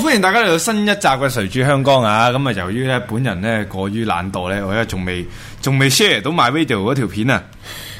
歡迎大家嚟到新一集嘅誰主香江啊！咁啊，由於咧本人咧過於懶惰咧，我咧仲未仲未 share 到 MyVideo 嗰條片啊，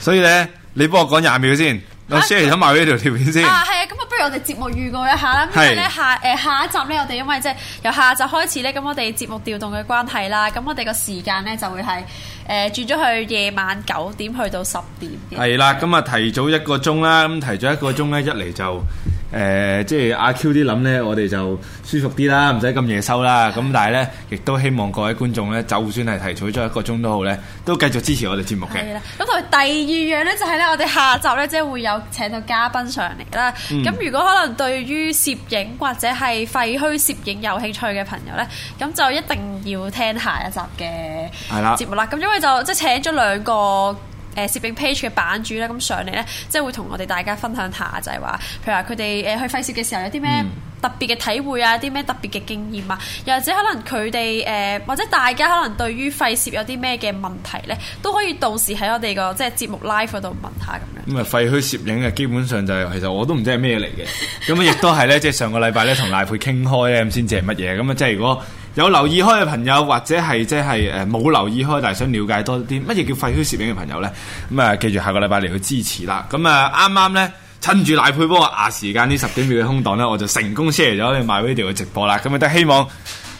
所以咧你幫我講廿秒先，我 share 咗到 MyVideo 條片先，啊。啊，係啊，咁啊，不如我哋節目預告一下啦。係。咁啊的，下誒、呃、下一集咧，我哋因為即係由下集開始咧，咁我哋節目調動嘅關係啦，咁我哋個時間咧就會係誒轉咗去夜晚九點去到十點。係啦，咁啊提早一個鐘啦，咁提早一個鐘咧，一嚟就。 誒、呃，即係阿 Q 啲諗咧，我哋就舒服啲啦，唔使咁夜收啦。咁是的 但係咧，亦都希望各位觀眾咧，就算係提早咗一個鐘都好咧，都繼續支持我哋節目嘅。咁同第二樣咧，就係咧，我哋下集咧即係會有請到嘉賓上嚟啦。咁、嗯、如果可能對於攝影或者係廢墟攝影有興趣嘅朋友咧，咁就一定要聽下一集嘅節目啦。咁是的 因為就即係請咗兩個。誒攝影 page 嘅版主咧，咁上嚟咧，即係會同我哋大家分享下，就係話，譬如話佢哋誒去廢攝嘅時候有啲咩特別嘅體會啊，啲咩特別嘅經驗啊，又或者可能佢哋誒，或者大家可能對於廢攝有啲咩嘅問題咧，都可以到時喺我哋個即係節目 live 嗰度問下咁樣。咁啊，廢墟攝影啊，基本上就係其實我 都唔知係咩嚟嘅，咁啊亦都係咧，即係上個禮拜咧同賴珮傾開咧，咁先知係乜嘢，咁啊即係如果。有留意開嘅朋友，或者係即係誒冇留意開，但係想了解多啲乜嘢叫廢墟攝影嘅朋友咧，咁啊記住下個禮拜嚟去支持啦！咁啊啱啱咧趁住賴佩幫我壓時間呢十幾秒嘅空檔咧，我就成功 share 咗你 myvideo 嘅直播啦！咁啊都希望。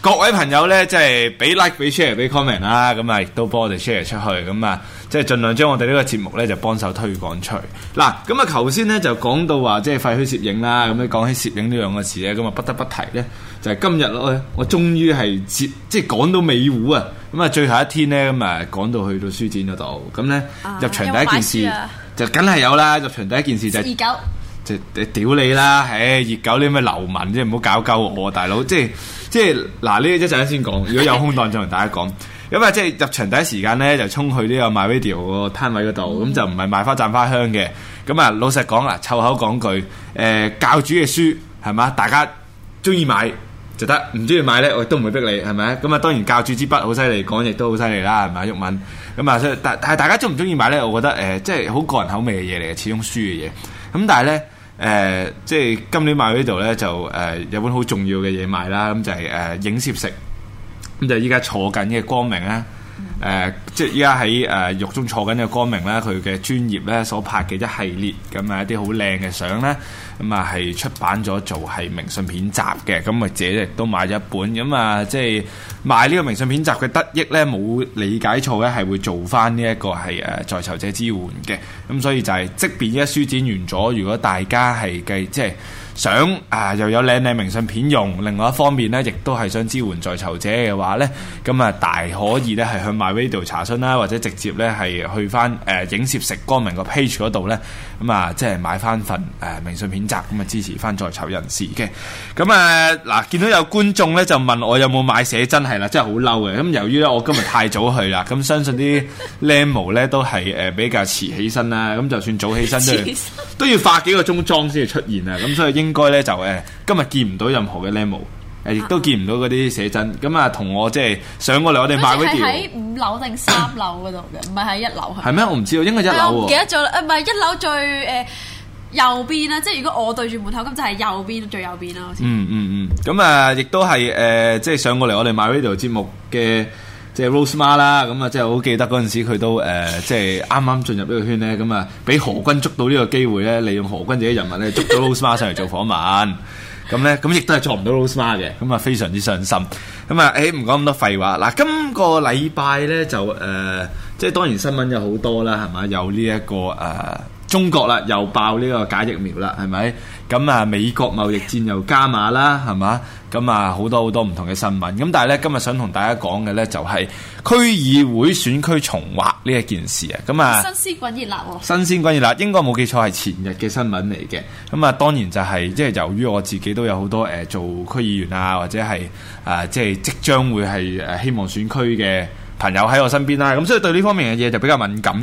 各位朋友咧，即係俾 like 給 are、啊、俾 share、俾 comment 啦，咁啊亦都幫我哋 share 出去，咁、嗯、啊即係儘量將我哋呢個節目咧就幫手推廣出嚟。嗱，咁啊頭先咧就講到話即係廢墟攝影啦，咁樣講起攝影呢兩個詞咧，咁、嗯、啊、嗯嗯、不得不提咧就係、是、今日咧、哎，我終於係接即係趕到尾糊啊，咁啊最後一天咧，咁啊趕到去到書展嗰度，咁、嗯、咧、啊、入場第一件事就梗係有啦，入場第一件事就係、熱狗，即係屌你啦，唉，熱狗啲咩流民啫，唔好搞鳩我大佬，即係。 即係嗱，呢一陣先講。如果有空檔，再同大家講。 因為即係入場第一時間咧，就衝去呢個 MyRadio 個攤位嗰度，咁、嗯嗯、就唔係賣花讚花香嘅。咁、嗯、啊，老實講啦，湊口講句，誒、呃、教主嘅書係嘛，大家中意買就得，唔中意買咧，我亦都唔會逼你，係咪？咁啊，當然教主支筆好犀利，講亦都好犀利啦，係咪？毓民咁啊，但但係大家中唔中意買咧？我覺得誒、呃，即係好個人口味嘅嘢嚟，始終書嘅嘢。咁但係咧。誒、呃，即係今年買呢度咧，就誒、呃、有本好重要嘅嘢賣啦，咁、嗯、就係、是、誒、呃、影攝食。咁就係依家坐緊嘅光明咧，誒、呃，即係依家喺誒獄中坐緊嘅光明咧，佢嘅專業咧，所拍嘅一系列咁啊一啲好靚嘅相咧。嗯嗯咁啊，係、嗯、出版咗做係明信片集嘅，咁、嗯、啊，自己都買咗一本咁啊、嗯嗯，即係賣呢個明信片集嘅得益呢？冇理解錯呢係會做翻呢一個係誒在囚者支援嘅。咁、嗯、所以就係，即便依家書展完咗，如果大家係計即係。想啊又有靚靚明信片用，另外一方面咧，亦都係想支援在囚者嘅話咧，咁啊大可以咧係去 MyRadio 查詢啦，或者直接咧係去翻，誒、呃、影攝食光明個 page 度咧，咁、嗯、啊即係買翻份誒、呃、明信片集咁啊支持翻在囚人士嘅。咁、嗯、啊嗱，見到有觀眾咧就問我有冇買寫真係啦，真係好嬲嘅。咁由於咧我今日太早去啦，咁 相信啲僆模咧都係誒、呃、比較遲起身啦。咁就算早起身都要 都要化幾個鐘妝先至出現啊。咁所以應應該咧就誒，今日見唔到任何嘅靚模，誒亦都見唔到嗰啲寫真。咁啊，同我即係上過嚟， 我哋 MyRadio 喺五樓定三樓嗰度嘅，唔係喺一樓係。係咩？我唔知道，應該一樓喎。啊、我記得咗啊？唔係一樓最誒、呃、右邊啦，即係如果我對住門口咁，就係、是、右邊最右邊啦、啊嗯。嗯嗯嗯，咁啊，亦都係誒，即、呃、係上過嚟我哋 MyRadio 節目嘅。即係 Rosemar 啦，咁、呃、啊，即係好記得嗰陣時佢都誒，即係啱啱進入呢個圈咧，咁啊，俾何君捉到呢個機會咧，利用何君自己人物咧，捉到 Rosemar 上嚟做訪問，咁咧， 咁亦都係捉唔到 Rosemar 嘅，咁啊，非常之傷心。咁啊，誒唔講咁多廢話，嗱，今個禮拜咧就誒、呃，即係當然新聞有好多啦，係咪？有呢、這、一個誒。呃中國啦，又爆呢個假疫苗啦，係咪？咁啊，美國貿易戰又加碼啦，係嘛？咁啊，好多好多唔同嘅新聞。咁但係呢，今日想同大家講嘅呢，就係區議會選區重劃呢一件事啊。咁啊，新鮮滾熱辣，新鮮滾熱辣，應該冇記錯係前日嘅新聞嚟嘅。咁啊，當然就係即係由於我自己都有好多誒、呃、做區議員啊，或者係啊、呃就係、即係即將會係希望選區嘅朋友喺我身邊啦。咁所以對呢方面嘅嘢就比較敏感。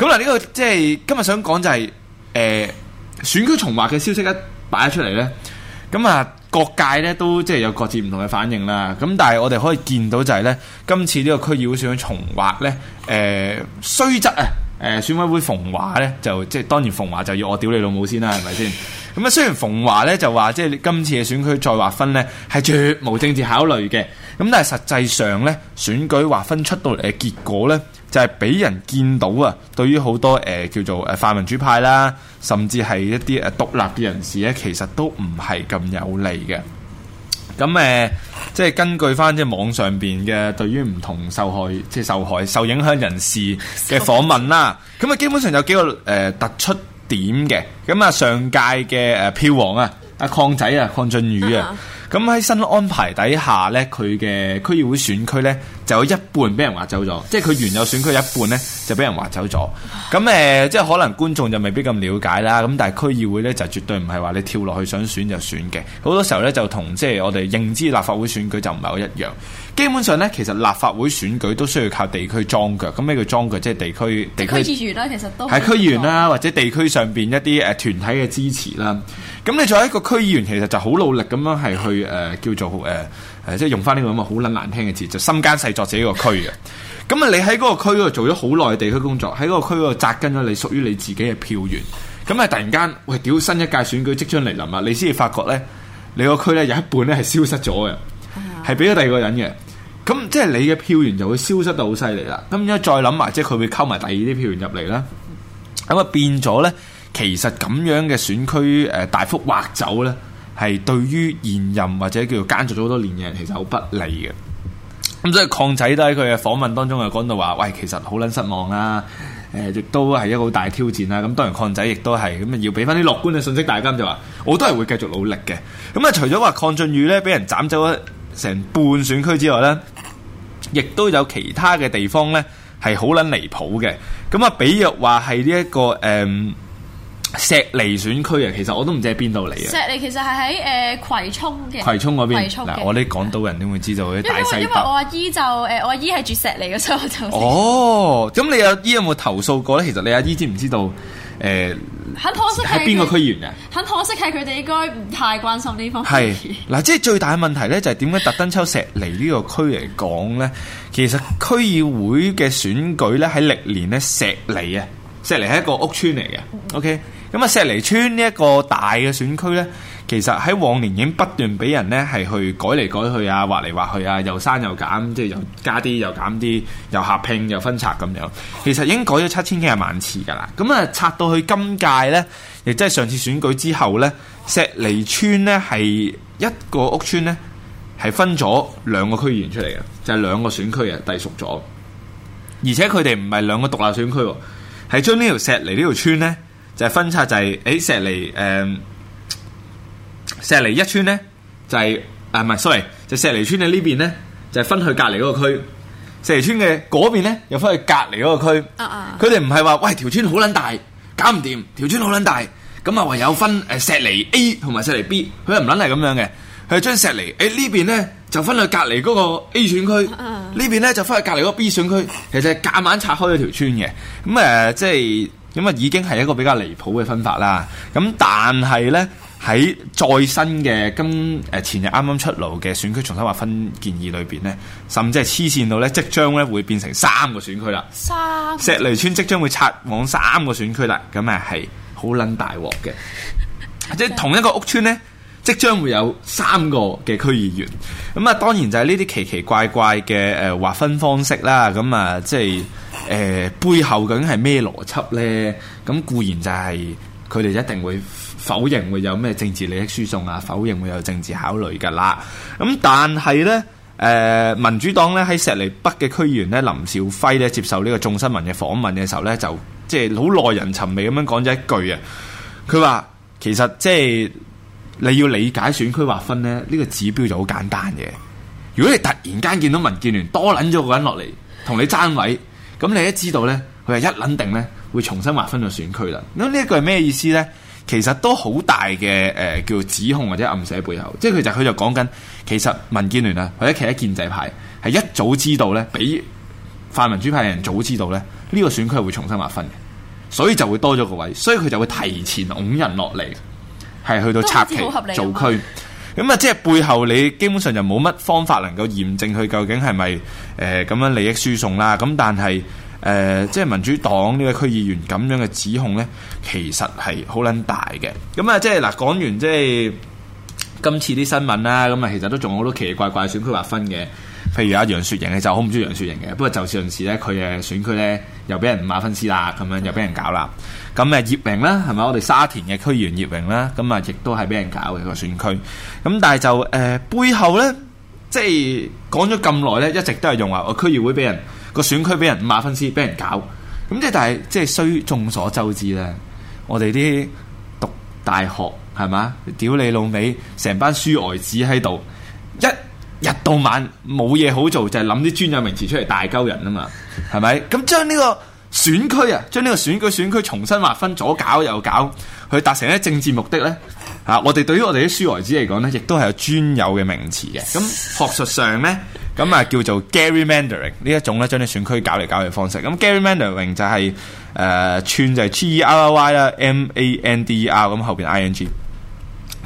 咁嗱，呢個即係今日想講就係，誒、呃，選區重劃嘅消息一擺咗出嚟咧，咁啊，各界咧都即係有各自唔同嘅反應啦。咁但係我哋可以見到就係、是、咧，今次呢個區議會選區重劃咧，誒、呃，雖則啊，誒、呃，選委會逢劃咧就即係當然逢劃就要我屌你老母先啦，係咪先？咁啊，雖然馮華咧就話，即係你今次嘅選舉再劃分咧，係絕無政治考慮嘅。咁但係實際上咧，選舉劃分出到嚟嘅結果咧，就係、是、俾人見到啊。對於好多誒、呃、叫做誒泛民主派啦，甚至係一啲誒獨立嘅人士咧，其實都唔係咁有利嘅。咁誒、呃、即係根據翻即係網上邊嘅對於唔同受害即係受害受影響人士嘅訪問啦。咁啊，基本上有幾個誒、呃、突出。點嘅咁啊？上屆嘅誒票王啊，阿鄺仔啊，鄺俊宇啊，咁喺、uh huh. 新安排底下呢，佢嘅區議會選區呢，就有一半俾人劃走咗，即係佢原有選區一半呢，就俾人劃走咗。咁誒，即係可能觀眾就未必咁了解啦。咁但係區議會呢，就絕對唔係話你跳落去想選就選嘅，好多時候呢，就同即係我哋認知立法會選舉就唔係好一樣。基本上咧，其實立法會選舉都需要靠地區裝腳。咁咩叫裝腳？即係地區、地區議員啦，其實都係區議員啦，或者地區上面一啲誒團體嘅支持啦。咁你作為一個區議員，其實就好努力咁樣係去誒、呃、叫做誒誒、呃呃，即係用翻呢個咁嘅好撚難聽嘅詞，就心奸細作自己一個區嘅。咁啊，你喺嗰個區嗰度做咗好耐嘅地區工作，喺嗰個區嗰度紮根咗，你屬於你自己嘅票源。咁啊，突然間喂，屌，新一屆選舉即將嚟臨啦，你先至發覺咧，你個區咧有一半咧係消失咗嘅。係俾咗第二個人嘅，咁即係你嘅票源就會消失得好犀利啦。咁而家再諗埋，即係佢會溝埋第二啲票源入嚟啦。咁啊變咗咧，其實咁樣嘅選區誒、呃、大幅劃走咧，係對於現任或者叫做監察咗好多年嘅人，其實好不利嘅。咁所以鄺仔都喺佢嘅訪問當中又講到話，喂，其實好撚失望啦、啊，誒、呃，亦都係一個好大挑戰啦、啊。咁當然鄺仔亦都係咁啊，要俾翻啲樂觀嘅信息。大家咁就話，我都係會繼續努力嘅。咁啊，除咗話鄺俊宇咧，俾人斬走咧。成半選區之外咧，亦都有其他嘅地方咧，係好撚離譜嘅。咁啊，比若話係呢一個誒、呃、石梨選區啊，其實我都唔知喺邊度嚟啊？石梨其實係喺誒葵涌嘅，葵涌嗰邊。嗱，我啲港島人點會知道嘅？因為，大西北，因為我阿姨就誒、呃，我阿姨係住石梨嘅，所以我就哦。咁你阿姨有冇投訴過咧？其實你阿姨知唔知道？誒，呃、很可惜係邊個區員啊？很可惜係佢哋應該唔太關心呢方面是。係嗱， 即係最大嘅問題咧，就係點解特登抽石梨呢個區嚟講咧？其實區議會嘅選舉咧，喺歷年咧，石梨啊，石梨係一個屋村嚟嘅。嗯、OK，咁、嗯、啊石梨村呢一個大嘅選區咧。其實喺往年已經不斷俾人呢，係去改嚟改去啊，劃嚟劃去啊，又刪又減，即係又加啲又減啲，又合拼又分拆咁樣。其實已經改咗七千幾萬次㗎啦。咁、嗯、啊，拆到去今屆呢，亦即係上次選舉之後呢，石梨村呢係一個屋村呢，係分咗兩個區議員出嚟嘅，就係、是、兩個選區嘅、啊，隸屬咗。而且佢哋唔係兩個獨立選區、啊，係將呢條石梨呢條村呢，就係、是、分拆、就是，就係喺石梨誒。呃石籬一村咧就係誒唔係 sorry，就石籬村喺呢邊咧就係、是、分去隔籬嗰個區，石籬村嘅嗰邊咧又分去隔籬嗰個區。佢哋唔係話喂條村好撚大搞唔掂，條村好撚大咁啊唯有分誒石籬 A 同埋石籬 B，佢又唔撚係咁樣嘅，係將石籬誒、欸、呢邊咧就分去隔籬嗰個 A 選區，uh uh. 邊呢邊咧就分去隔籬嗰個 B 選區，其實係夾硬拆開咗條村嘅。咁誒、呃、即係咁啊已經係一個比較離譜嘅分法啦。咁但係咧。喺再新嘅今誒前日啱啱出爐嘅選區重新劃分建議裏邊咧，甚至係黐線到呢，即將咧會變成三個選區啦。三石梨村即將會拆往三個選區啦。咁啊係好撚大鑊嘅， 即係同一個屋村呢，即將會有三個嘅區議員。咁啊，當然就係呢啲奇奇怪怪嘅誒劃分方式啦。咁啊、就係，即係誒背後究竟係咩邏輯呢？咁固然就係佢哋一定會。否認會有咩政治利益輸送啊？否認會有政治考慮噶啦。咁、嗯、但係呢，誒、呃、民主黨咧喺石梨北嘅區議員咧，林兆輝咧接受呢個眾新聞嘅訪問嘅時候呢，就即係好耐人尋味咁樣講咗一句啊。佢話其實即、就、係、是、你要理解選區劃分咧，呢、這個指標就好簡單嘅。如果你突然間見到民建聯多撚咗個人落嚟同你爭位，咁你都知道呢，佢係一撚定呢會重新劃分咗選區啦。咁呢一句係咩意思呢？其實都好大嘅誒、呃，叫做指控或者暗寫背後，即係佢就佢就講緊，其實民建聯啊或者其他建制派係一早知道咧，比泛民主派嘅人早知道咧，呢個選區係會重新劃分嘅，所以就會多咗個位，所以佢就會提前擁人落嚟，係去到拆區做區，咁啊即係背後你基本上就冇乜方法能夠驗證佢究竟係咪誒咁樣利益輸送啦，咁但係。誒、呃，即係民主黨呢個區議員咁樣嘅指控咧，其實係好撚大嘅。咁、嗯、啊，即係嗱，講完即係今次啲新聞啦，咁、嗯、啊，其實都仲有好多奇奇怪怪選區劃分嘅。譬如阿楊雪瑩嘅就好唔中意楊雪瑩嘅，不過就事論事咧，佢嘅選區咧又俾人五馬分屍、嗯、啦，咁樣又俾人搞啦。咁誒葉榮啦，係咪我哋沙田嘅區議員葉榮啦？咁、嗯、啊，亦都係俾人搞嘅一、這個選區。咁、嗯、但係就誒、呃、背後咧，即係講咗咁耐咧，一直都係用話我區議會俾人。個選區俾人五馬分屍，俾人搞，咁即係，但係即係雖眾所周知咧，我哋啲讀大學係嘛，屌你老味，成班書呆子喺度，一日到晚冇嘢好做，就係諗啲專有名詞出嚟，大鳩人啊嘛，係咪？咁將呢個選區啊，將呢個選舉選區重新劃分，左搞右搞，去達成一啲政治目的咧，吓、啊、我哋對於我哋啲書呆子嚟講咧，亦都係有專有嘅名詞嘅，咁學術上咧。咁啊，叫做 gerrymandering 呢一種咧，將啲選區搞嚟搞去嘅方式。咁 gerrymandering 就係、是、誒、呃、串就係 gerry 啦，mander 咁後邊 ing。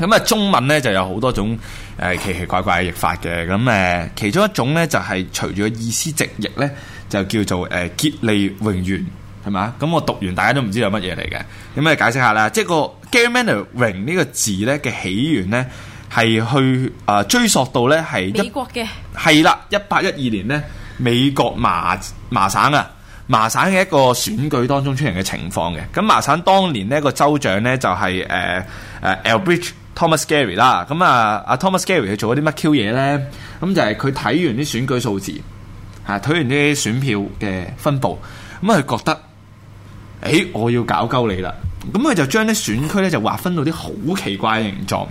咁啊，中文咧就有好多種誒、呃、奇奇怪怪嘅譯法嘅。咁誒、呃，其中一種咧就係隨住個意思直譯咧，就叫做誒傑、呃、利蠑螈係嘛？咁我讀完大家都唔知有乜嘢嚟嘅。咁啊，解釋下啦，即係個 gerrymandering 呢個字咧嘅起源咧。係去啊！追溯到咧，係一係啦，一八一二年咧，美國麻麻省啊，麻省嘅一個選舉當中出現嘅情況嘅。咁麻省當年呢個州長咧就係誒誒 Elbridge Thomas Gerry 啦。咁、呃、啊，阿 Thomas Gerry 佢做咗啲乜 Q 嘢咧？咁、啊、就係佢睇完啲選舉數字嚇，睇、啊、完啲選票嘅分佈，咁、啊、佢覺得，誒、欸、我要搞鳩你啦！咁、啊、佢就將啲選區咧就劃分到啲好奇怪嘅形狀。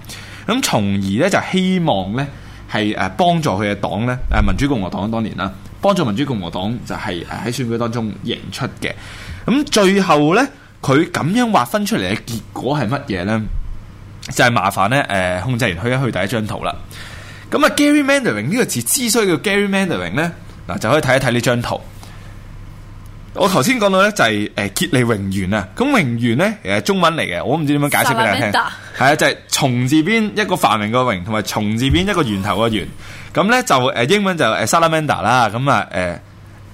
咁從而咧就希望咧係誒幫助佢嘅黨咧，誒民主共和黨當年啦，幫助民主共和黨就係誒喺選舉當中贏出嘅。咁最後咧，佢咁樣劃分出嚟嘅結果係乜嘢咧？就係、是、麻煩咧誒控制完去一去第一張圖啦。咁啊、嗯、那 Gerrymandering 呢個字之所以叫 Gerrymandering 咧，嗱就可以睇一睇呢張圖。我頭先講到咧就係誒傑利蠑螈啊，咁蠑螈咧誒中文嚟嘅，我唔知點樣解釋俾你聽，係啊就係、是、虫字邊一個繁榮嘅榮，同埋虫字邊一個源頭嘅源。咁咧就誒、呃、英文就誒 Salamander 啦，咁啊誒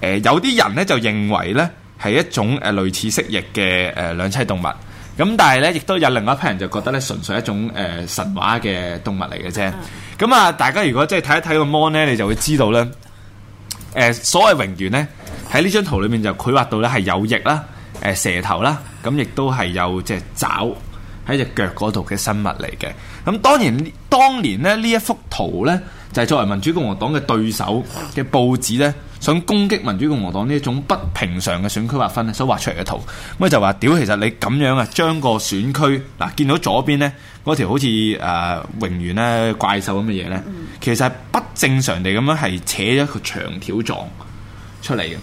誒有啲人咧就認為咧係一種誒類似蜥、蜥蜴嘅誒兩棲動物，咁但係咧亦都有另外一批人就覺得咧純粹一種誒、呃、神話嘅動物嚟嘅啫。咁啊、嗯、大家如果即係睇一睇個 mon 咧，你就會知道咧誒、呃、所謂蠑螈咧。喺呢張圖裏面就繪畫到咧係有翼啦、誒、呃、蛇頭啦，咁亦都係有隻爪喺隻腳嗰度嘅生物嚟嘅。咁當然當年咧呢一幅圖呢，就係、是、作為民主共和黨嘅對手嘅報紙呢，想攻擊民主共和黨呢一種不平常嘅選區劃分咧所畫出嚟嘅圖，咁就話屌，其實你咁樣啊將個選區嗱、啊、見到左邊呢嗰條好似誒蠑螈咧怪獸咁嘅嘢呢，其實係不正常地咁樣係扯咗一個長條狀出嚟嘅。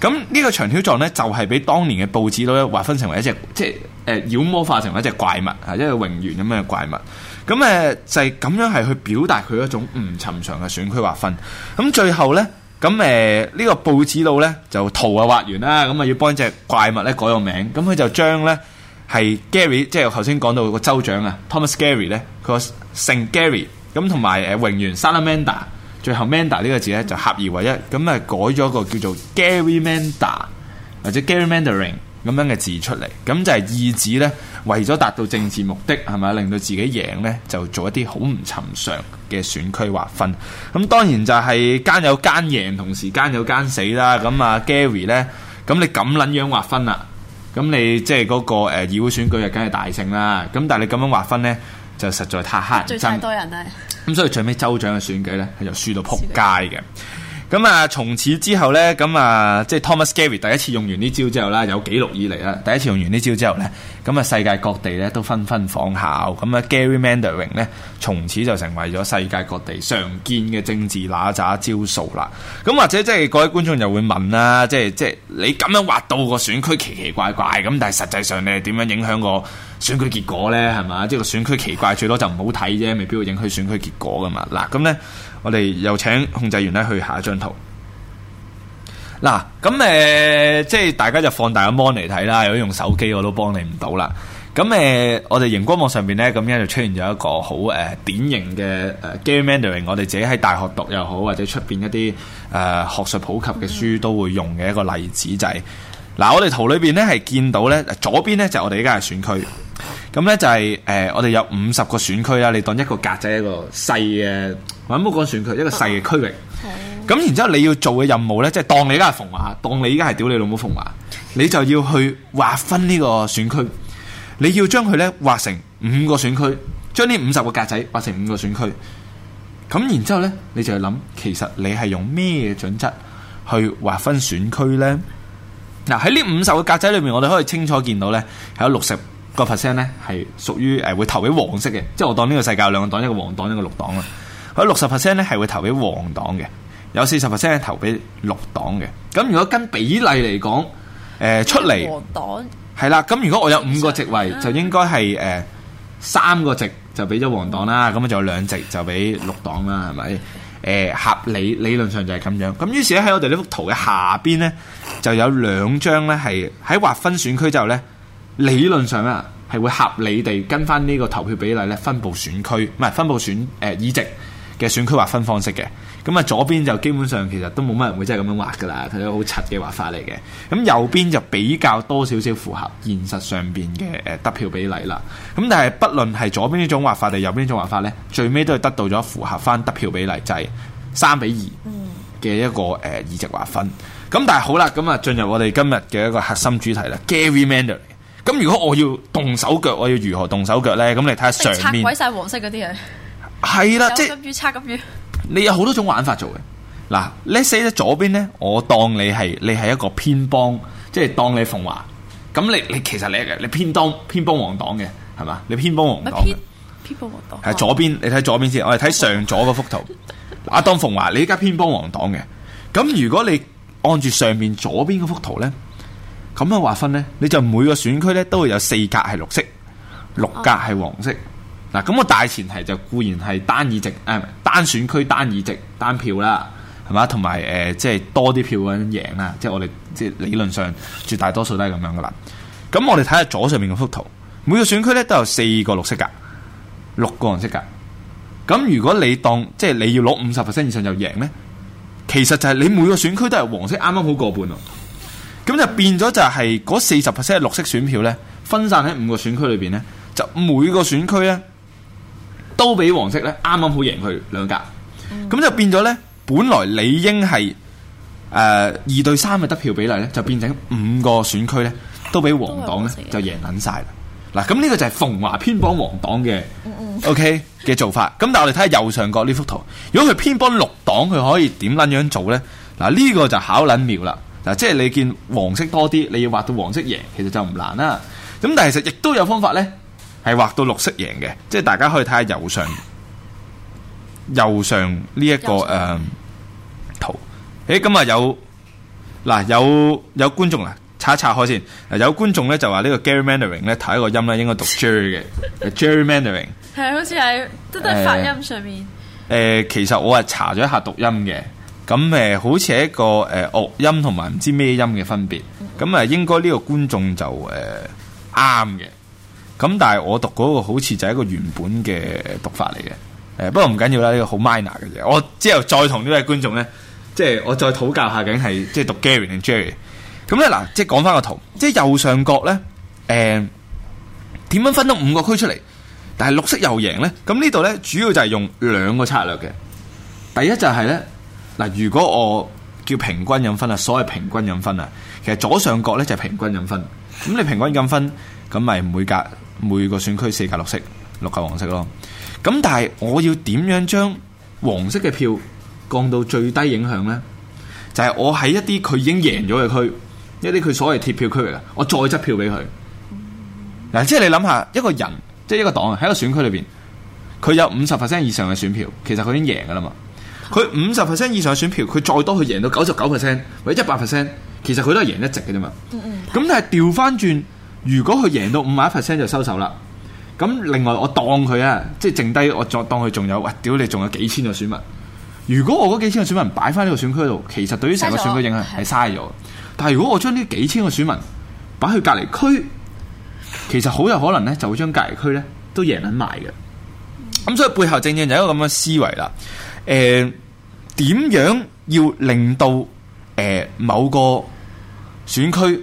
咁呢個長條狀咧，就係、是、俾當年嘅報紙佬咧劃分成為一隻，即係誒、呃、妖魔化成為一隻怪物，嚇一個蠑螈咁嘅怪物。咁誒、呃、就係、是、咁樣係去表達佢一種唔尋常嘅選區劃分。咁最後咧，咁誒呢個報紙佬咧就圖就畫完啦，咁啊要幫隻怪物咧改個名。咁佢就將咧係 Gerry，即係頭先講到個州長啊，Thomas Gerry 咧，佢個姓 Gerry，咁同埋誒蠑螈 Salamander 最後 Manda 呢個字咧 就合二為一，咁啊改咗個叫做 Gerry Manda 或者 Gerrymandering 咁樣嘅字出嚟，咁就係意指咧為咗達到政治目的，係咪令到自己贏咧就做一啲好唔尋常嘅選區劃分？咁當然就係奸有奸贏，同時奸有奸死啦。咁啊 Gerry 咧，咁你咁捻樣劃分啊？咁你即係嗰個誒、呃、議會選舉啊，梗係大勝啦。咁但係你咁樣劃分咧，就實在太黑人憎，最多人啦。咁所以最尾州長嘅選舉呢，佢就輸到扑街嘅。咁、嗯、啊，從此之後呢，咁啊，即係 Thomas Gary 第一次用完呢招之後啦，有紀錄以嚟，啦，第一次用完呢招之後呢，咁啊，世界各地呢都紛紛仿效。咁啊，Gerrymandering 咧，從此就成為咗世界各地常見嘅政治哪咋招數啦。咁或者即係各位觀眾就會問啦，即係即係你咁樣劃到個選區奇奇怪怪咁，但係實際上你係點樣影響個？選區結果呢，係嘛？即係個選區奇怪，最多就唔好睇啫，未必會影響選區結果㗎嘛。嗱，咁呢，我哋又請控制員呢去下一張圖。嗱，咁誒、呃，即係大家就放大個 mon 嚟睇啦。如果用手機，我都幫你唔到啦。咁誒、呃，我哋熒光幕上面呢，咁咧就出現咗一個好誒、呃、典型嘅誒 gerrymandering。呃、gerrymandering，我哋自己喺大學讀又好，或者出邊一啲誒、呃、學術普及嘅書都會用嘅一個例子就係嗱，我哋圖裏邊呢係見到呢，左邊呢就係、我哋依家係選區。咁呢、嗯、就係、是、誒、呃，我哋有五十個選區啦。你當一個格仔一個細嘅，或者唔好講選區，一個細嘅區域。咁、嗯、然之後你要做嘅任務呢，即、就、係、是、當你而家係馮華，當你而家係屌你老母馮華，你就要去劃分呢個選區。你要將佢呢劃成五個選區，將呢五十個格仔劃成五個選區。咁然之後呢，你就去諗，其實你係用咩準則去劃分選區呢？嗱，喺呢五十個格仔裏面，我哋可以清楚見到呢，有六十。個 percent 咧係屬於誒會投俾黃色嘅，即係我當呢個世界有兩個黨，一個黃黨，一個綠黨啦。咁六十 percent 咧係會投俾黃黨嘅，有四十 percent 投俾綠黨嘅。咁如果跟比例嚟講，誒、呃、出嚟，黃黨係啦。咁如果我有五個席位，嗯、就應該係誒三個席就俾咗黃黨啦，咁啊仲有兩席就俾綠黨啦，係咪？誒、呃、合理理論上就係咁樣。咁於是咧喺我哋呢幅圖嘅下邊咧就有兩張咧係喺劃分選區之後咧。理論上咧，係會合理地跟翻呢個投票比例咧分佈選區，唔係分佈選誒、呃、議席嘅選區劃分方式嘅。咁、嗯、啊左邊就基本上其實都冇乜人會真係咁樣畫噶啦，睇到好柒嘅畫法嚟嘅。咁、嗯、右邊就比較多少少符合現實上邊嘅誒得票比例啦。咁、嗯、但係不論係左邊呢種畫法定右邊呢種畫法咧，最尾都係得到咗符合翻得票比例就係、是、三比二嘅一個誒、嗯呃、議席劃分。咁、嗯、但係好啦，咁、嗯、啊進入我哋今日嘅一個核心主題啦，Gerrymander。嗯咁如果我要動手腳，我要如何動手腳咧？咁你睇下上面。被鬼晒黃色嗰啲啊！係啦的，即係。有金魚，拆金你有好多種玩法做嘅。嗱你 e 咗左邊咧，我當你係你係一個偏幫，即係當你鳳華。咁你你其實你你偏幫偏幫王黨嘅係嘛？你偏幫王黨嘅。偏幫王黨。係左邊，你睇左邊先。我哋睇上左嗰幅圖。阿黃 當鳳華，你依家偏幫王黨嘅。咁如果你按住上面左邊嗰幅圖咧？咁樣劃分呢，你就每個選區咧都會有四格係綠色，六格係黃色。嗱、哦，咁、啊那個大前提就固然係單議席，誒、啊，單選區單議席單票啦，係嘛？同埋誒，即係多啲票嗰陣贏啦，即係我哋即係理論上絕大多數都係咁樣噶啦。咁我哋睇下左上面嗰幅圖，每個選區咧都有四個綠色格，六個黃色格。咁如果你當即係你要攞五十 percent 以上就贏呢，其實就係你每個選區都係黃色，啱啱好過半咯。咁就變咗就係嗰四十 percent 嘅綠色選票咧，分散喺五個選區裏邊咧，就每個選區咧都俾黃色咧啱啱好贏佢兩格。咁、嗯、就變咗咧，本來理應係誒、呃、二對三嘅得票比例咧，就變成五個選區咧都俾黃黨咧、啊、就贏捻晒啦。嗱、嗯，咁、嗯、呢個就係逢華偏幫黃黨嘅、嗯嗯、OK 嘅做法。咁但係我哋睇下右上角呢幅圖，如果佢偏幫綠黨，佢可以點捻樣做咧？嗱、嗯、呢、呢個就考捻妙啦。嗱，即係你見黃色多啲，你要畫到黃色贏，其實就唔難啦。咁但係其實亦都有方法咧，係畫到綠色贏嘅。即係大家可以睇下右上右上呢、這、一個誒上、嗯、圖。誒、欸、咁啊有嗱有有觀眾啊，查一查開先。有觀眾咧就話呢個 Gerrymandering 咧，睇個音咧應該讀 J 嘅 Gerrymandering。係好似喺都係發音上面。誒，其實我係查咗一下讀音嘅。咁誒、呃、好似一個誒樂、呃、音同埋唔知咩音嘅分別，咁誒、嗯、應該呢個觀眾就誒啱嘅。咁、呃、但係我讀嗰個好似就係一個原本嘅讀法嚟嘅。誒、呃、不過唔緊要啦，呢個好 minor 嘅啫。我之後再同呢位觀眾咧，即係我再討教下，究竟係即係讀 Gary 同 Jerry。咁咧嗱，即係講翻個圖，即係右上角咧，誒、呃、點樣分到五個區出嚟？但係綠色又贏咧，咁呢度咧主要就係用兩個策略嘅。第一就係咧。嗱，如果我叫平均引分啊，所謂平均引分啊，其實左上角咧就係平均引分。咁你平均引分，咁咪每格每個選區四格綠色，六格黃色咯。咁但係我要點樣將黃色嘅票降到最低影響呢？就係、是、我喺一啲佢已經贏咗嘅區，嗯、一啲佢所謂鐵票區嚟嘅，我再執票俾佢。嗱、嗯，即係你諗下，一個人即係一個黨喺一個選區裏邊，佢有五十 percent 以上嘅選票，其實佢已經贏㗎啦嘛。佢五十 percent 以上嘅選票，佢再多去贏到九十九 percent，或者一百 percent，其實佢都係贏一席嘅啫嘛。咁、嗯嗯、但係調翻轉，如果佢贏到五萬一 percent 就收手啦。咁另外我當佢啊，即係剩低我再當佢仲有，喂，屌你仲有幾千個選民。如果我嗰幾千個選民唔擺翻呢個選區度，其實對於成個選區影響係嘥咗。但係如果我將呢幾千個選民擺去隔離區，其實好有可能咧就會將隔離區咧都贏緊埋嘅。咁、嗯、所以背後正正就一個咁嘅思維啦。誒、呃。點樣要令到誒、某個選區，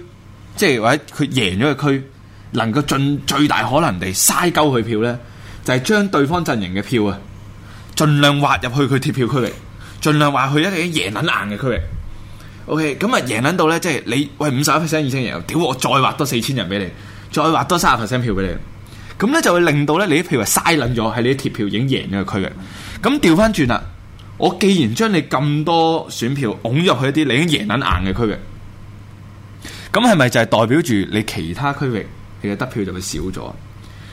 即係或者佢贏咗個區，能夠盡最大可能地嘥鳩佢票咧，就係將對方陣營嘅票啊，盡量挖入去佢貼票區域，盡量挖去一啲贏捻硬嘅區域。O K，咁啊贏捻到咧，即係你喂，五十一 percent 已經贏，屌我再挖多四千人俾你，再挖多三十 percent 票俾你，咁咧就會令到咧你啲票係嘥捻咗喺你啲貼票已經贏咗個區域，咁調翻轉啦。我既然將你咁多選票㧬入去一啲你已經贏得硬嘅區域，咁係咪就係代表住你其他區域你嘅得票就會少咗？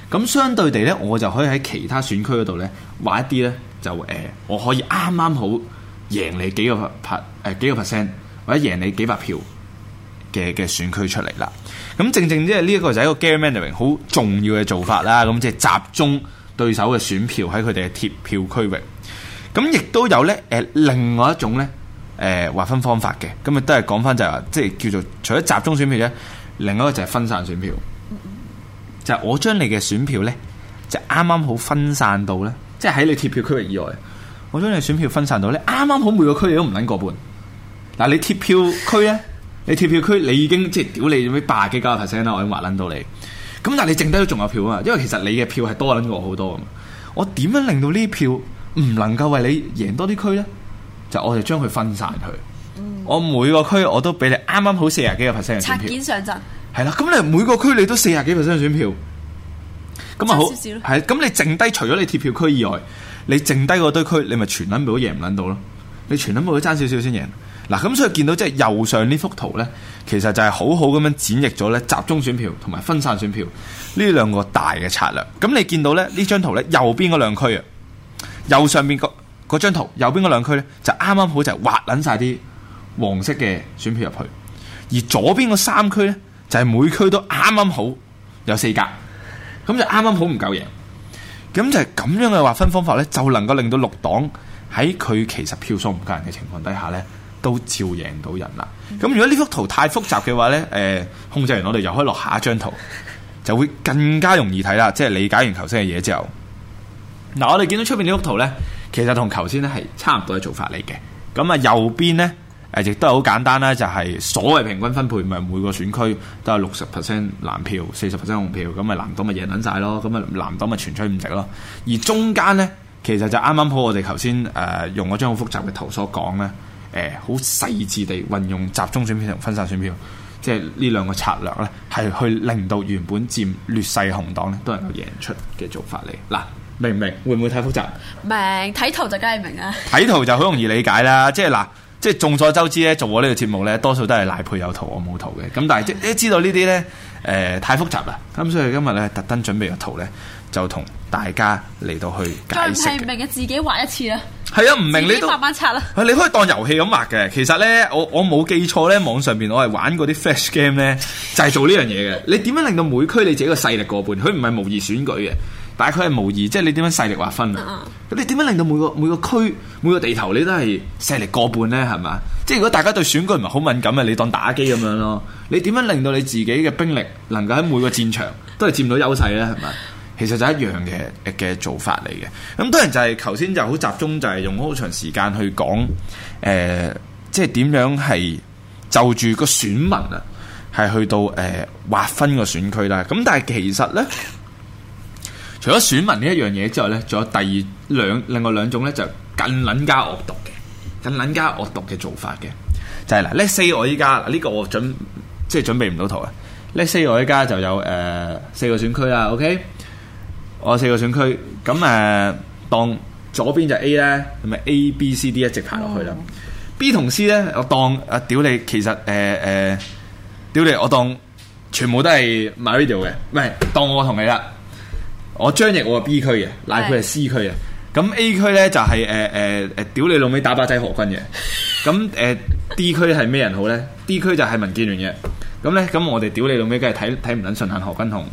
咁相對地呢，我就可以喺其他選區嗰度呢畫一啲呢，就誒、呃，我可以啱啱好贏你幾個 percent、呃、幾個 percent、或者贏你幾百票嘅嘅選區出嚟啦。咁正正即係呢一個就係一個 Gerrymandering 好重要嘅做法啦。咁即係集中對手嘅選票喺佢哋嘅貼票區域。咁亦都有咧，誒，另外一種咧，誒、呃，劃分方法嘅，咁亦都係講翻就係、是，即、就、係、是、叫做除咗集中選票咧，另一個就係分散選票，就係、是、我將你嘅選票咧，就啱、是、啱好分散到咧，即係喺你貼票區域以外，我將你嘅選票分散到咧，啱啱好每個區域都唔撚過半。嗱，你貼票區咧，你貼票區，你已經即係屌你做咩百幾九廿個 percent 啦，我已經話撚到你。咁但係你剩低都仲有票啊嘛，因為其實你嘅票係多撚過我好多啊嘛，我點樣令到呢票？唔能夠為你贏多啲區咧，就我哋將佢分散去。嗯、我每個區我都俾你啱啱好四十幾個 percent。拆件上陣係啦，咁你每個區你都四十幾個 percent 選票，咁啊好係咁，嗯、你剩低除咗你貼票區以外，你剩低個堆區，你咪全捻到贏唔捻到咯？你全捻到去爭少少先贏。嗱、啊，咁所以見到即係右上呢幅圖咧，其實就係好好咁樣演繹咗咧集中選票同埋分散選票呢兩個大嘅策略。咁你見到咧，呢張圖咧，右邊嗰兩區啊。右上邊嗰張圖，右邊嗰兩區呢，就啱啱好就劃捻晒啲黃色嘅選票入去，而左邊嗰三區呢，就係、是、每區都啱啱好有四格，咁就啱啱好唔夠贏。咁就係咁樣嘅劃分方法呢，就能夠令到六黨喺佢其實票數唔夠人嘅情況底下呢，都照贏到人啦。咁如果呢幅圖太複雜嘅話呢，誒、呃，控制員我哋又可以落下一張圖，就會更加容易睇啦，即係理解完頭先嘅嘢之後。嗱，我哋見到出邊呢幅圖咧，其實同頭先咧係差唔多嘅做法嚟嘅。咁啊，右邊咧誒，亦都係好簡單啦，就係、是、所謂平均分配唔嘛，每個選區都有六十 percent 藍票、四十 percent 紅票，咁啊，藍黨咪贏撚晒咯，咁啊，藍黨咪全取五席咯。而中間咧，其實就啱啱好我哋頭先誒用嗰張好複雜嘅圖所講咧，誒、呃、好細緻地運用集中選票同分散選票，即係呢兩個策略咧，係去令到原本佔劣勢紅黨咧都能夠贏出嘅做法嚟。嗱。明唔明？會唔會太複雜？明，睇圖就梗係明啊。睇圖就好容易理解啦。即係嗱，即係眾所周知咧，做我個節呢個節目咧，多數都係賴珮有圖，我冇圖嘅。咁但係即係知道呢啲咧，誒、呃，太複雜啦。咁所以今日咧，特登準備個圖咧，就同大家嚟到去解釋。係咪唔明嘅自己畫一次啦。係啊，唔明你都慢慢拆啦。係你，你可以當遊戲咁畫嘅。其實咧，我我冇記錯咧，網上邊我係玩嗰啲 Flash game 咧，就係、是、做呢樣嘢嘅。你點樣令到每區你自己嘅勢力過半？佢唔係模擬選舉嘅。大概係無疑，即係你點樣勢力劃分啊？咁、uh, 你點樣令到每個每個區每個地頭你都係勢力過半呢？係咪？即係如果大家對選舉唔係好敏感嘅，你當打機咁樣咯。你點樣令到你自己嘅兵力能夠喺每個戰場都係佔到優勢呢？係咪？其實就一樣嘅嘅做法嚟嘅。咁當然就係頭先就好集中，就係用好長時間去講誒、呃，即係點樣係就住個選民啊，係去到誒、呃、劃分個選區啦。咁但係其實呢。 除咗選民呢一樣嘢之外咧，仲有第二兩另外兩種咧，就是、更撚加惡毒嘅，更撚加惡毒嘅做法嘅，就係、是、嗱，let’s see 我依家，呢個我準即係準備唔到圖啊，let’s see 我依家就有誒、呃、四個選區啦，OK，我四個選區，咁誒、呃、當左邊就 A 咧，咁咪 A B C D 一直排落去啦、嗯、，B 同 C 咧我當啊屌你，其實誒誒屌你，我當全部都係 m a r i 嘅，唔係當我同你啦。我張翼我係 B 區嘅，賴佢係 C 區嘅。咁是的 A 區咧就係誒誒誒，屌你老味打靶仔何君嘅。咁誒、 呃、D 區係咩人好咧？D 區就係民建聯嘅。咁咧咁我哋屌你老味梗係睇睇唔捻順行何君同誒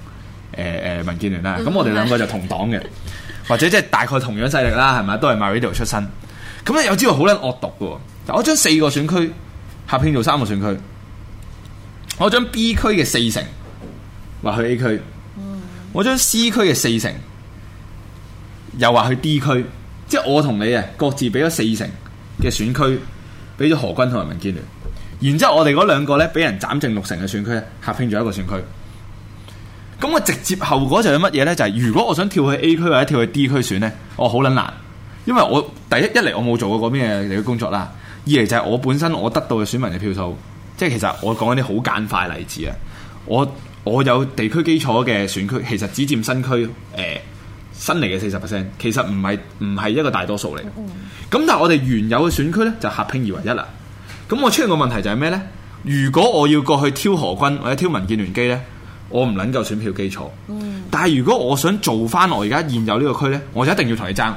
誒民建聯啦。咁我哋兩個就同黨嘅， 或者即係大概同樣勢力啦，係咪都係 MyRadio 出身。咁咧我知道好捻惡毒嘅。我將四個選區合拼做三個選區，我將 B 區嘅四成劃去 A 區。我將 C 區嘅四成，又話去 D 區，即係我同你啊，各自俾咗四成嘅選區，俾咗何君同埋民建聯，然之後我哋嗰兩個咧，俾人斬剩六成嘅選區，合併咗一個選區。咁我直接後果就係乜嘢呢？就係、是、如果我想跳去 A 區或者跳去 D 區選呢，我好捻難，因為我第一一嚟我冇做過嗰邊嘅嘅工作啦，二嚟就係我本身我得到嘅選民嘅票數，即係其實我講啲好簡化例子啊，我。我有地區基礎嘅選區，其實只佔新區，誒、呃、新嚟嘅四十 percent，其實唔係唔係一個大多數嚟。咁、嗯、但係我哋原有嘅選區呢，就合併而為一啦。咁我出現個問題就係咩呢？如果我要過去挑何君或者挑民建聯機呢，我唔能夠選票基礎。嗯、但係如果我想做返我而家現有呢個區呢，我就一定要同你爭，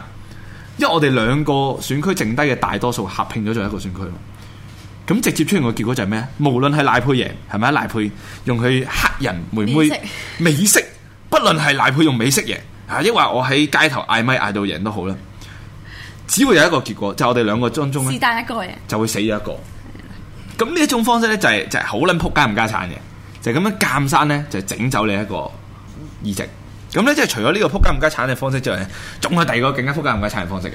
因為我哋兩個選區剩低嘅大多數合併咗就係一個選區。咁直接出現個結果就係咩？無論係賴佩贏，係咪啊？賴佩用佢黑人妹妹美式色，不論係賴佩用美式贏，亦、啊、或我喺街頭嗌咪嗌到贏都好啦。只會有一個結果，就是、我哋兩個當中咧，是但一個人、啊、就會死咗一個。咁呢一種方式咧、就是，就係就係好捻扑街唔家產嘅，就係、是、咁樣監生咧就整走你一個議席。咁咧即係除咗呢個扑街唔家產嘅方式之外，仲有第二個更加扑街唔家產嘅方式嘅，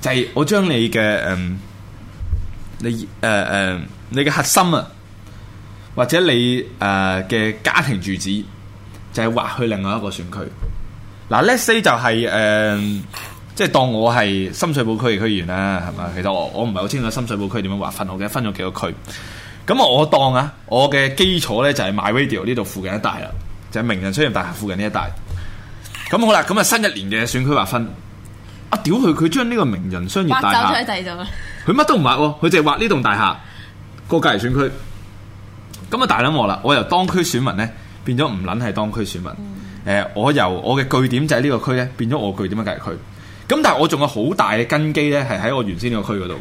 就係、是、我將你嘅嗯。呃你誒誒、呃呃，你嘅核心啊，或者你誒嘅、呃、家庭住址就係、是、劃去另外一個選區。嗱、呃、，let's say 就係、是、誒、呃，即係當我係深水埗區嘅區員啦，係咪？其實我我唔係好清楚深水埗區點樣劃分，我記得分咗幾個區。咁我當啊，我嘅基礎咧就係 my radio 呢度附近一帶啦，就係、是、名人商業大廈附近呢一帶。咁好啦，咁啊新一年嘅選區劃分。我屌佢，佢將呢個名人商業大廈，佢乜 都唔挖，佢淨係挖呢棟大廈。個隔離選區咁啊，大捻我啦！我由當區選民咧變咗唔捻係當區選民。誒、嗯呃，我由我嘅據，據，據點就喺呢、呢個區咧，變咗我據點嘅隔離區。咁但係我仲有好大嘅根基咧，係喺我原先呢個區嗰度。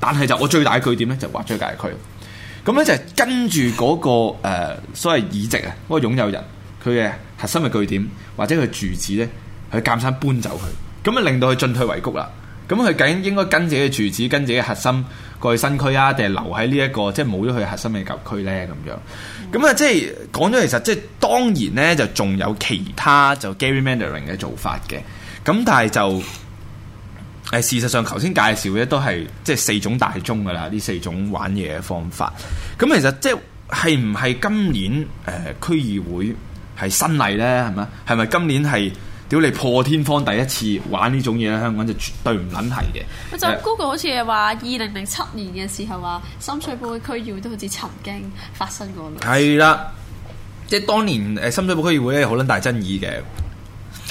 但係就我最大嘅據點咧，就劃咗隔離區。咁咧就係跟住嗰個誒所謂議席啊，嗰個擁有人佢嘅核心嘅據點或者佢住址咧，去監生搬走佢。咁啊，令到佢進退維谷啦。咁佢究竟應該跟自己嘅住址，跟自己嘅核心過去新區啊，定係留喺呢一個即係冇咗佢核心嘅舊區呢？咁樣。咁啊、嗯，即係講咗，其實即係當然呢，就仲有其他就 Gerrymandering 嘅做法嘅。咁但係就誒，事實上頭先介紹嘅都係即係四種大宗噶啦，呢四種玩嘢嘅方法。咁其實即係係唔係今年誒、呃、區議會係新例呢？係咪？係咪今年係？屌你破天荒第一次玩呢種嘢咧，香港就絕對唔撚係嘅。就 Google 好似係話二零零七年嘅時候話深水埗嘅區議會都好似曾經發生過。係啦，即係當年誒深水埗區議會咧，好撚大爭議嘅，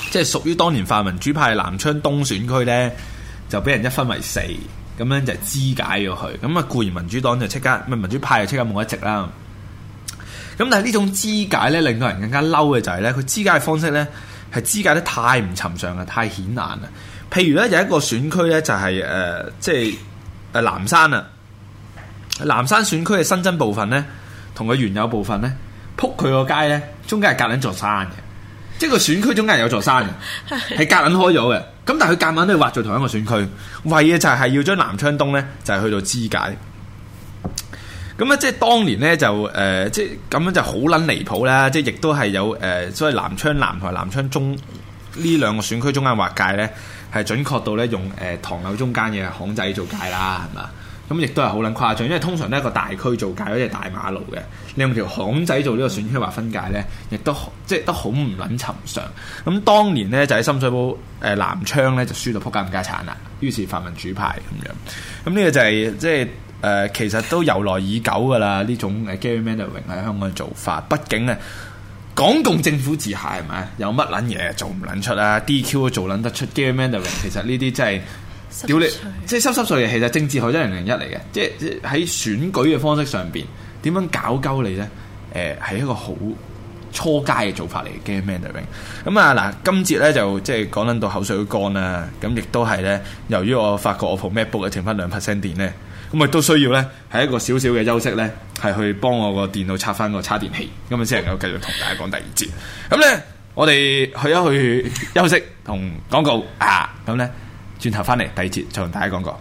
即係屬於當年泛民主派南昌東選區咧，就俾人一分為四咁樣就肢解咗佢。咁啊，固然民主黨就即刻民主派就即刻冇一席啦。咁但係呢種肢解咧，令到人更加嬲嘅就係咧，佢肢解嘅方式咧。係肢解得太唔尋常啦，太顯眼啦！譬如咧，有一個選區咧，就是，就係誒，即係誒南山啊，南山選區嘅新增部分咧，同佢原有部分咧，撲佢個街咧，中間係隔撚座山嘅，即係個選區中間係有座山嘅，係 隔撚開咗嘅。咁但係佢夾硬都要劃做同一個選區，為嘅就係要將南昌東咧，就係去到肢解。咁啊，即係當年咧就誒，即係咁樣就好撚離譜啦！即係亦都係有誒，所謂南昌南同南昌中呢兩個選區中間劃界咧，係準確到咧用誒唐樓中間嘅巷仔做界啦，係嘛？咁亦都係好撚誇張，因為通常咧一個大區做界都係大馬路嘅，你用條巷仔做呢個選區劃分界咧，亦都即係都好唔撚尋常。咁當年咧就喺深水埗誒、呃、南昌咧就輸到撲街唔家產啦，於是泛民主派咁樣，咁、這、呢個就係、是、即係。誒、呃、其實都由來已久噶啦，呢種 Gerrymandering 喺香港嘅做法。畢竟咧，港共政府之下係咪，有乜撚嘢做唔撚出啊？DQ 都做撚得出 Gerrymandering 其實呢啲真係屌水你，即係濕濕碎嘅。其實政治係一零零一嚟嘅，即係喺選舉嘅方式上邊點樣搞鳩你呢？誒、呃、係一個好初階嘅做法嚟嘅 Gerrymandering 咁啊、嗯、嗱、呃，今節呢就即係講撚到口水都乾啦。咁亦都係呢，由於我發覺我部 MacBook 啊剩翻兩 percent 電咧。咁咪都需要咧，係一個少少嘅休息咧，係去幫我個電腦插翻個叉電器，咁樣先能夠繼續同大家講第二節。咁咧，我哋去一去休息同廣告啊，咁咧轉頭翻嚟第二節再同大家講講。